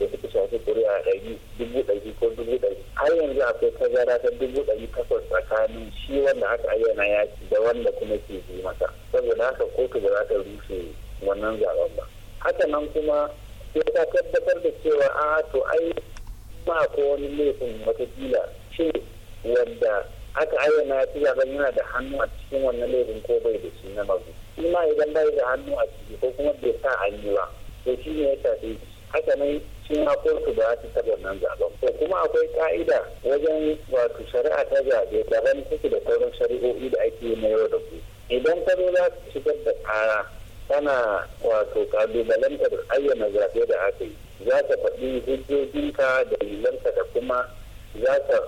da suka shafi kuri'a ɗari dubu ɗari ko dubu ɗari har yanzu akwai tazara ta dubu ɗari takwas tsakanin shi wanda aka ayyana yaki da wanda kuma ke bi masa saboda haka kotu ba za ta rushe wannan zaben ba haka nan kuma sai ta tabbatar da cewa a to ai ba ko wani laifin watakila ce wanda aka ayyana ya fi zaben yana da hannu a cikin wannan laifin ko bai da shi na mazu shi ma idan bai da hannu a ciki ko kuma bai sa an yi ba to shi ne ya shafe haka nan shi kotu ba ta taɓa nan zaɓen ko kuma akwai ka'ida wajen wato shari'a ta zaɓe daban take da sauran shari'o'i da ake yi na yau da gobe idan ka zo za ka shigar da ƙara tana wato kalubalantar ayyana zaɓe da aka yi za ka faɗi hujjojinka da lilanka da kuma za ka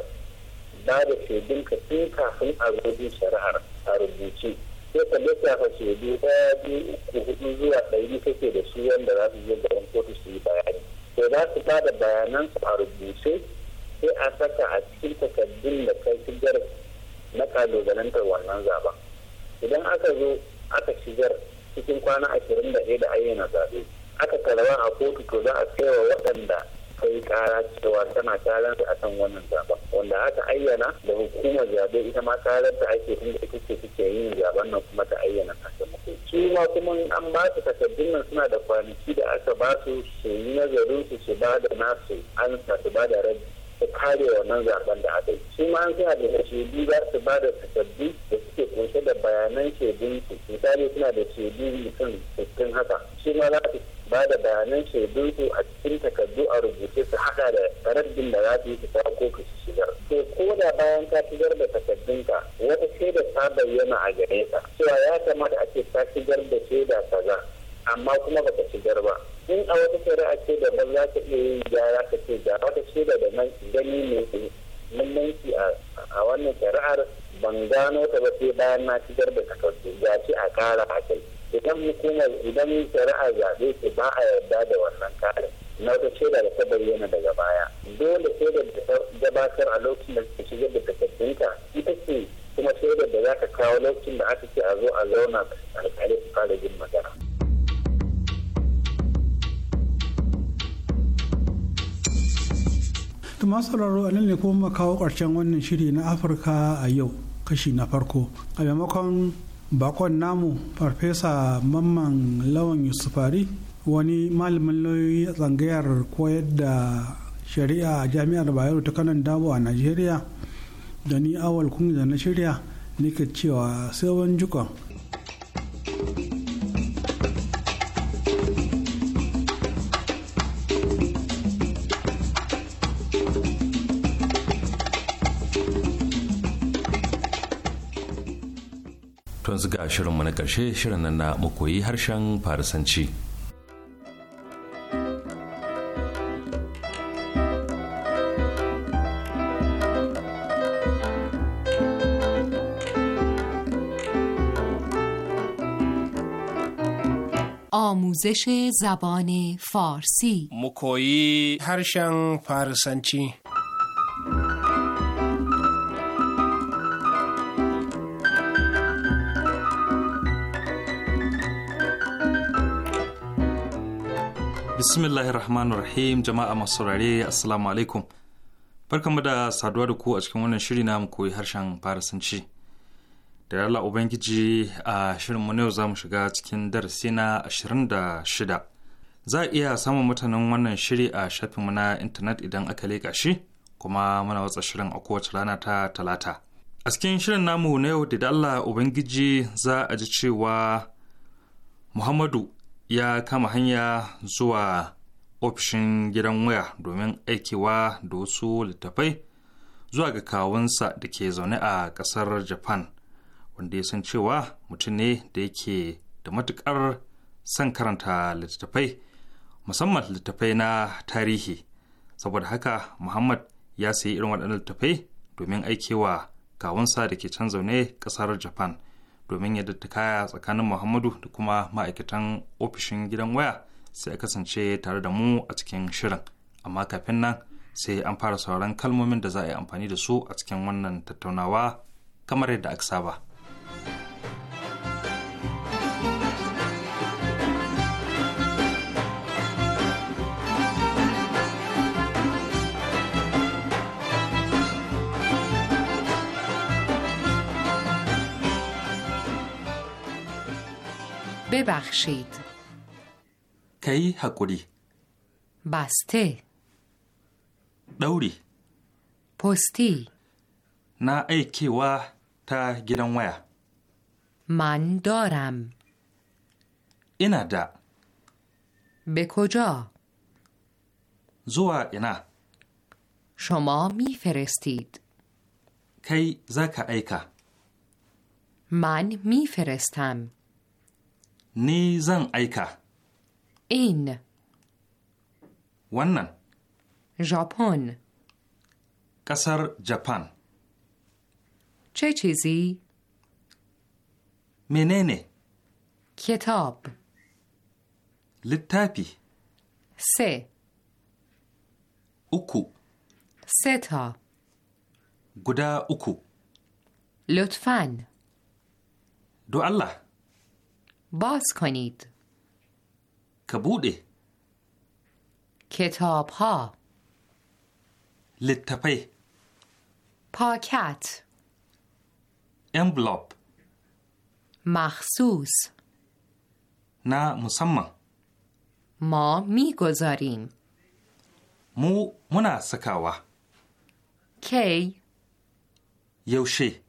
ba da shaidunka tun kafin a zojin shari'ar a rubuce sai ka lissafa shaidu ɗaya biyu uku hudu zuwa ɗari kake da su wanda za su je gaban kotu su yi bayani to za su ba da bayanan su a rubuce sai a saka a cikin takardun da kai shigar na kalubalantar wannan zaben idan aka zo aka shigar cikin kwana ashirin da ɗaya da ayyana zaɓe aka karɓa a kotu to za a wa waɗanda kai kara cewa tana karar a kan wannan zaben wanda aka ayyana da hukumar zabe ita ma karar ta ake tun da ita ce suke yin zaben nan kuma ta ayyana sakamako su ma kuma an ba su takardun nan suna da kwanaki da aka ba su su yi nazarin su su ba da nasu an su ba da rabi su kare wannan zaben da aka yi su ma an suna da shaidu za su ba da takardun da suke kunshe da bayanan shaidun su misali suna da shaidu mutum sittin haka su ma za su ba da bayanan shaidunsu a cikin takardu a rubuce su haɗa da raddin da za su yi su ko ka shigar. To ko da bayan ka shigar da takardunka wata shaida ta bayyana a gare ka cewa ya kamata a ce ka shigar da shaida kaza amma kuma baka shigar ba. In a wata shari'a ce da ban za ka iya yin gyara ka ce ga wata shaida da nan gani ne mummunci a wannan shari'ar ban gano ta ba sai bayan na shigar da takardu ga shi a ƙara a kai. idan hukumar idan shari'a zaɓe su ba a yarda da wannan karin na wata shaida da ta yana daga baya dole shaidar da ta gabatar a lokacin da suka shigar da takardunka ita ce kuma shaidar da za ka kawo lokacin da aka ce a zo a zauna alkali su fara jin magana. Tuma sauraro a ne kuma kawo ƙarshen wannan shiri na Afirka a yau kashi na farko a maimakon bakon namu farfesa mamman lawan yusufari wani malamin lauyoyi a tsangayar koyar da shari'a a jami'ar bayero ta kanan dabo a nigeria da ni awal kungiyar na shirya nake cewa sai wani jukon. yanzu ga shirinmu na ƙarshe shirin nan na koyi harshen farisanci. آموزش زبان فارسی مکویی هرشن فارسنچی rahim jama'a masu saurare assalamu alaikum. Barkanmu da saduwa da ku a cikin wannan shiri na mu koyi harshen farasanci Da Allah Ubangiji a shirin mu yau za mu shiga cikin darasi na 26. Za a iya samun mutanen wannan shiri a shafinmu na intanet idan aka leka shi kuma muna watsa shirin a kowace rana ta talata. A cikin shirin namu na yau da Allah Ubangiji za a ji cewa Muhammadu ya kama hanya zuwa ofishin gidan waya domin aikewa da wasu littafai zuwa ga kawunsa da ke zaune a ƙasar japan wanda ya san cewa mutum ne da yake da matuƙar son karanta littafai musamman littattafai na tarihi saboda haka muhammad ya sayi irin waɗannan littattafai domin aikewa kawunsa da ke can zaune ƙasar japan domin ta kaya tsakanin muhammadu da kuma ma'aikatan ofishin gidan waya sai a kasance tare da mu a cikin shirin amma kafin nan sai an fara sauran kalmomin da za a yi amfani da su a cikin wannan tattaunawa kamar yadda aka saba. ببخشید کی هکولی بسته دوری پستی نا ایکی و تا گیرن ویا من دارم اینا دا به کجا زوا اینا شما میفرستید کی زکا ایکا من میفرستم ni zan aika. In. Wannan. Japan. Ƙasar Japan. Ce ce Menene? Kitab. Littafi. Se. Uku. Seta. Guda uku. Lutfan. Do Allah. باز کنید کبوده کتاب ها لطپه پاکت امبلوب مخصوص نه مسمه ما میگذاریم مو منا سکاوا کی یوشی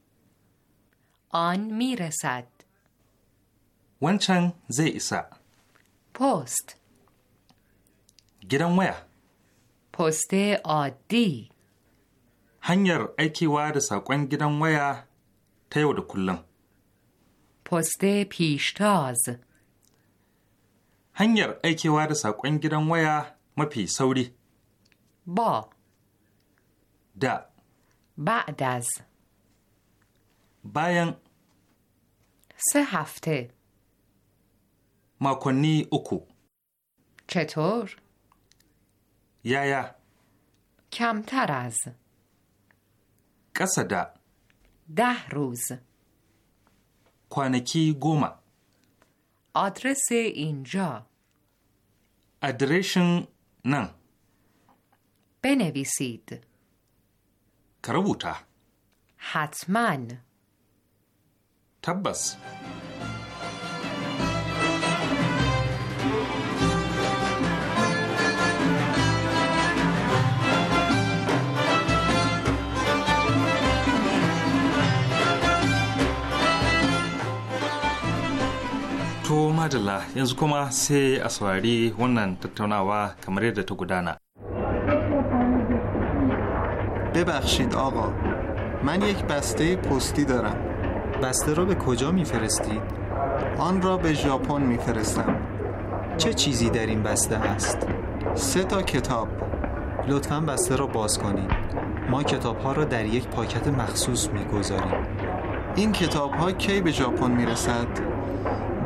آن میرسد wancan zai isa post gidan waya post odi. hanyar aikewa da saƙon gidan waya ta yau da kullum post pishtaz hanyar aikewa da saƙon gidan waya mafi sauri ba da ba'daz bayan Sai hafte. makonni uku. Cetor? Yaya? Kyamtar az. Ƙasa da? Kwanaki goma. Adrese inja. Adireshin nan. Benevisid. Ka rubuta. man. Tabbas. To Madalla yanzu kuma sai a saurari wannan ببخشید آقا من یک بسته پستی دارم بسته را به کجا میفرستید؟ آن را به ژاپن میفرستم چه چیزی در این بسته هست؟ سه تا کتاب لطفا بسته را باز کنید ما کتاب ها را در یک پاکت مخصوص میگذاریم این کتاب ها کی به ژاپن میرسد؟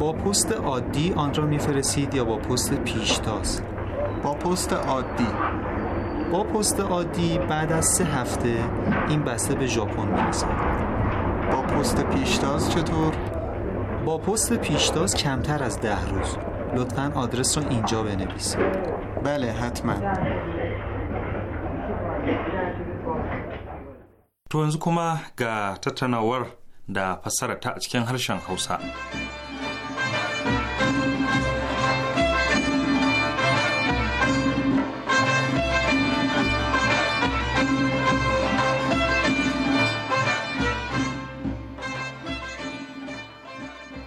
با پست عادی آن را میفرستید یا با پست پیشتاز با پست عادی با پست عادی بعد از سه هفته این بسته به ژاپن میرسد با پست پیشتاز چطور با پست پیشتاز کمتر از ده روز لطفا آدرس را اینجا بنویسید بله حتما تو yanzu kuma ga tattaunawar da fassara ta cikin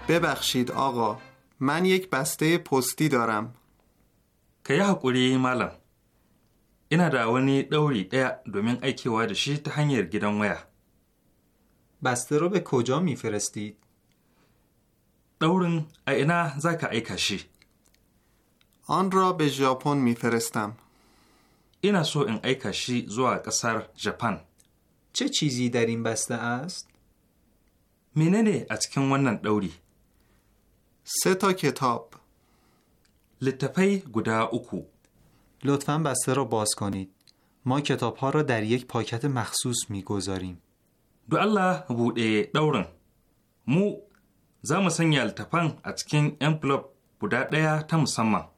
ببخشید آقا من یک بسته پستی دارم که یه حقوری مالم اینا دا دوری دیا دومین ایکی وادشی تا هنگر ویا بسته رو به کجا میفرستید؟ دورن اینا زکا ایکشی آن را به ژاپن میفرستم اینا سو این ایکشی زوا کسر ژاپن چه چیزی در این بسته است؟ نه از کنوانن دوری؟ سه تا کتاب لطفه گدا اوکو لطفا بسته را باز کنید ما کتاب ها را در یک پاکت مخصوص می گذاریم دو الله بوده دورن مو زم تپن از کن امپلوب بوده دیا تا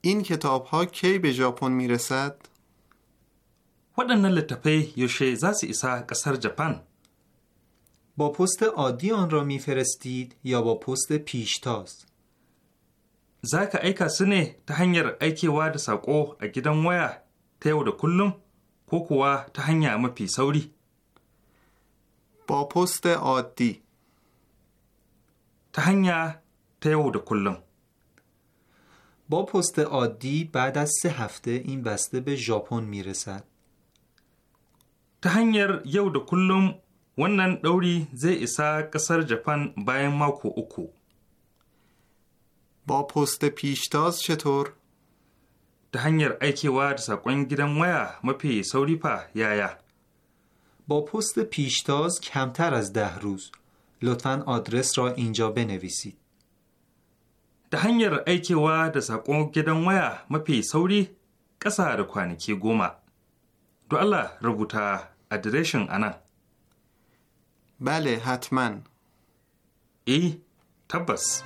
این کتاب ها کی به ژاپن می رسد؟ waɗannan littattafai یوشه زاسی ایسا کسر ƙasar با پست عادی آن را میفرستید یا با پست پیشتاز زاکا ایکا سنه تا هنگر ایکی واد ساکو اگیدن ویا تیو دا کلوم کوکوا تا اما پی سوری با پست عادی تا تیو دا کلوم با پست عادی بعد از سه هفته این بسته به ژاپن میرسد تا هنگر یو دا کلوم wannan ɗauri zai isa ƙasar japan bayan mako uku Ba posta pishtas shetor? ta hanyar aikewa da saƙon gidan waya mafi sauri fa yaya. Ba posta pishtas kamtar az da ruz. لطفا adres ra inja بنویسید. ta hanyar aikewa da saƙon gidan waya mafi sauri ƙasa da kwanaki goma. Do Allah rubuta adireshin anan. بله حتما ای تبس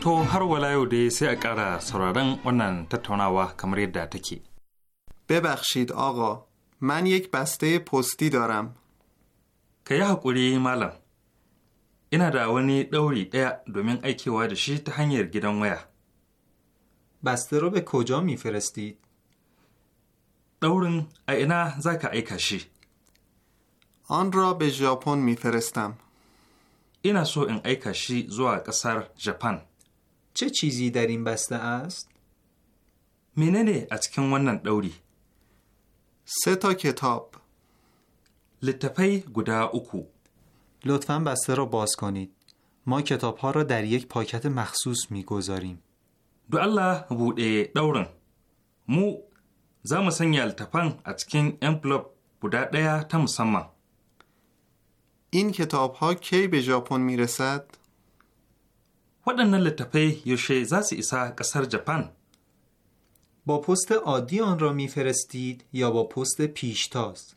تو هر ولایو دی سی اقرا سرارن ونن تتوناوا کمر یدا تکی ببخشید آقا من یک بسته پستی دارم که یا قولی ina da wani ɗauri ɗaya domin aikewa da shi ta hanyar gidan waya. Basta rube be kojo Ɗaurin a ina za ka aika shi? An ra mi ferestam. Ina so in aika shi zuwa ƙasar Japan. Ce cizi darin basta as. Menene a cikin wannan ɗauri? ke kitab. Littafai guda uku. لطفا بسته را باز کنید. ما کتاب ها را در یک پاکت مخصوص می گذاریم. دو الله بوده دورن. مو زم سنگل تپن از کن امپلوب بوده دیا تا این کتاب ها کی به ژاپن می رسد؟ ودن نل تپه یوشه زاسی ایسا با پست عادی آن را میفرستید یا با پست پیشتاز؟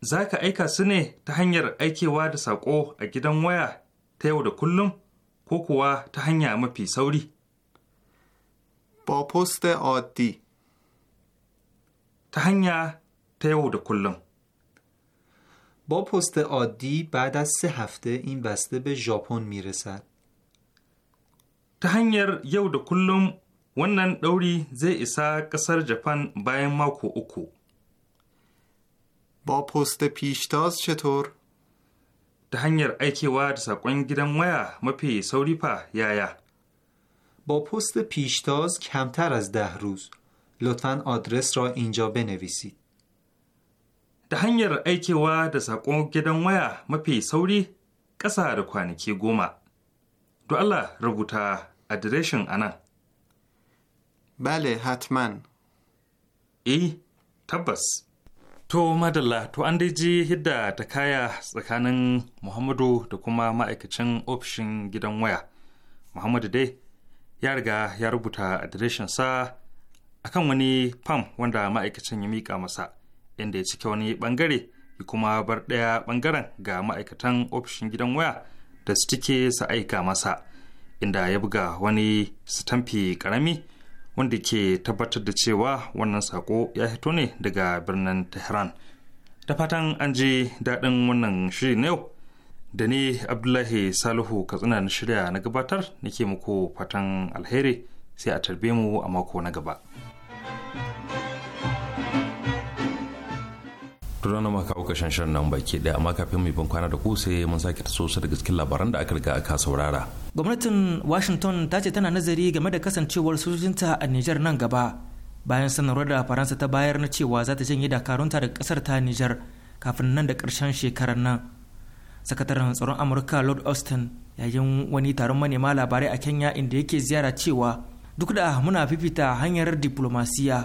za ka aika su ne ta hanyar aikewa da saƙo a gidan waya ta yau da kullum ko kuwa ta hanya mafi sauri. با oti ta hanya ta yau da kullum. با پست عادی بعد از سه هفته این بسته به ژاپن میرسد. ta hanyar yau da kullum wannan ɗauri zai isa ƙasar Japan bayan mako uku. با پست پیشتاز چطور؟ ta hanyar aikewa da saƙon gidan waya mafi sauri fa yaya. با پست پیشتاز کمتر از ده روز لطفا آدرس را اینجا بنویسید. ta hanyar aikewa da saƙon gidan waya mafi sauri ƙasa da kwanaki goma. Do rubuta adireshin a nan. Bale, hatman. E? tabbas. To madalla to an dai ji hidda ta kaya tsakanin Muhammadu da kuma ma'aikacin ofishin gidan waya. Muhammadu dai ya riga ya rubuta adireshinsa a kan wani fam wanda ma'aikacin ya miƙa masa inda ya cike wani ɓangare ya kuma bar ɗaya ɓangaren ga ma'aikatan ofishin gidan waya da su cike su aika masa inda ya buga wani sitamfi ƙarami wanda ke tabbatar da cewa wannan sako ya hito ne daga birnin tehran da fatan an je daɗin wannan shiri na yau da ni abdullahi salihu katsina na shirya na gabatar nake muku fatan alheri sai a tarbe mu a mako na gaba. tura na maka auka shan nan baki daya amma kafin mai kwana da ku sai mun sake taso da daga labaran da aka riga aka saurara gwamnatin washington ta ce tana nazari game da kasancewar sojojinta a niger nan gaba bayan sanarwar da faransa ta bayar na cewa za ta janye dakarunta daga kasar ta niger kafin nan da karshen shekarar nan sakataren tsaron amurka lord austin yayin wani taron manema labarai a kenya inda yake ziyara cewa duk da muna fifita hanyar diplomasiya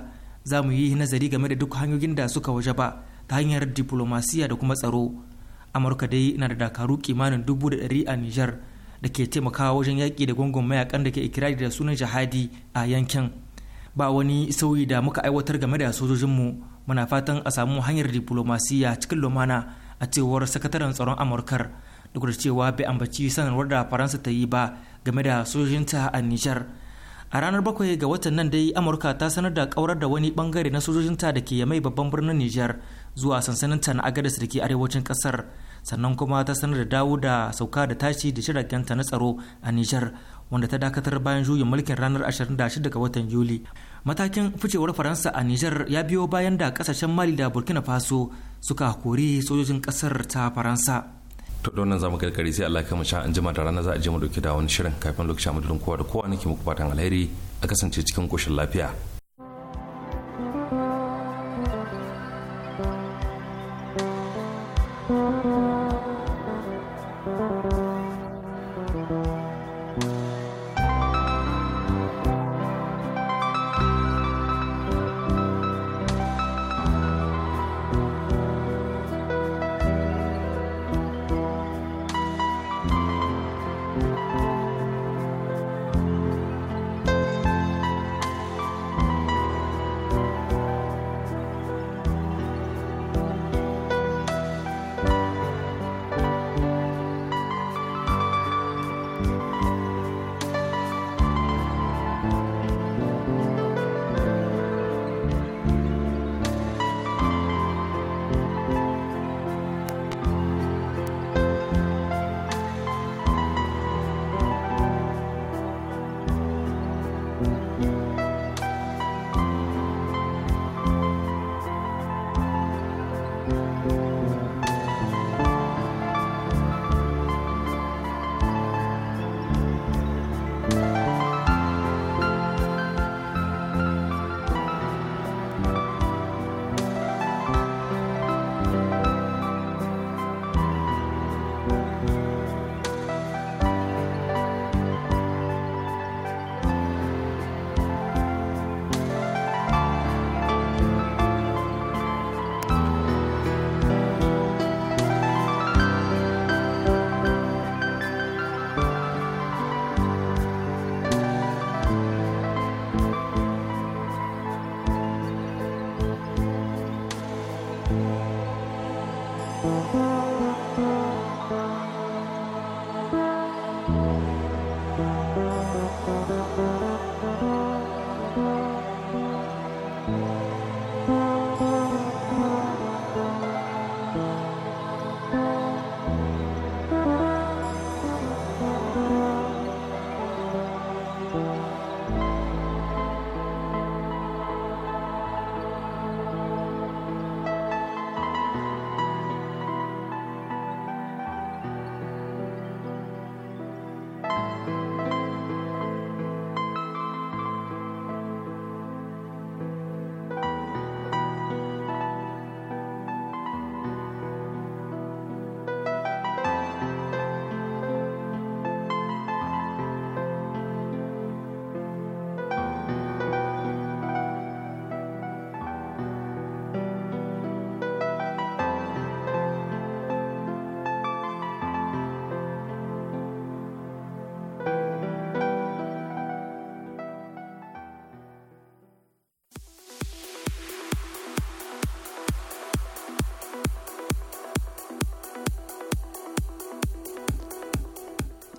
za mu yi nazari game da duk hanyoyin da suka waje ba ta hanyar diplomasiya da kuma tsaro amurka dai na da dakaru kimanin dubu da ɗari a nijar da ke taimakawa wajen yaƙi da gungun mayakan da ke ikirari da sunan jihadi a yankin ba wani sauyi da muka aiwatar game da sojojinmu muna fatan a samu hanyar diplomasiya cikin lumana a cewar sakataren tsaron amurkar duk da cewa bai ambaci sanarwar da faransa ta yi ba game da sojojinta a nijar a ranar bakwai ga watan nan dai amurka ta sanar da kaurar da wani bangare na sojojinta da ke yamai babban birnin nijar zuwa sansanin ta na agadis da ke arewacin kasar sannan kuma ta sanar da dawo da sauka da tashi da shiragenta na tsaro a nijar wanda ta dakatar bayan juyin mulkin ranar 26 ga watan yuli matakin ficewar faransa a nijar ya biyo bayan da kasashen mali da burkina faso suka kori sojojin kasar ta faransa to donan zamu gargari sai Allah mu sha an jima da rana za a je mu dauki da wani shirin kafin lokacin mu kowa da kowa nake muku fatan alheri a kasance cikin koshin lafiya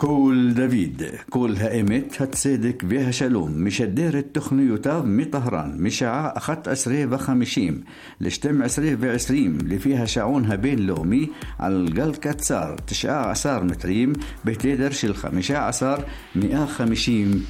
كول دافيد كول هائمت هتسيدك بها شالوم مش الدير التخني يتاب مي طهران مشاع أخت أسري بخمشيم لشتم أسري بعسريم اللي فيها شعونها بين لومي على القل كتسار تشاع عصار متريم بتدرش الخمشة عصار مئة خمشيم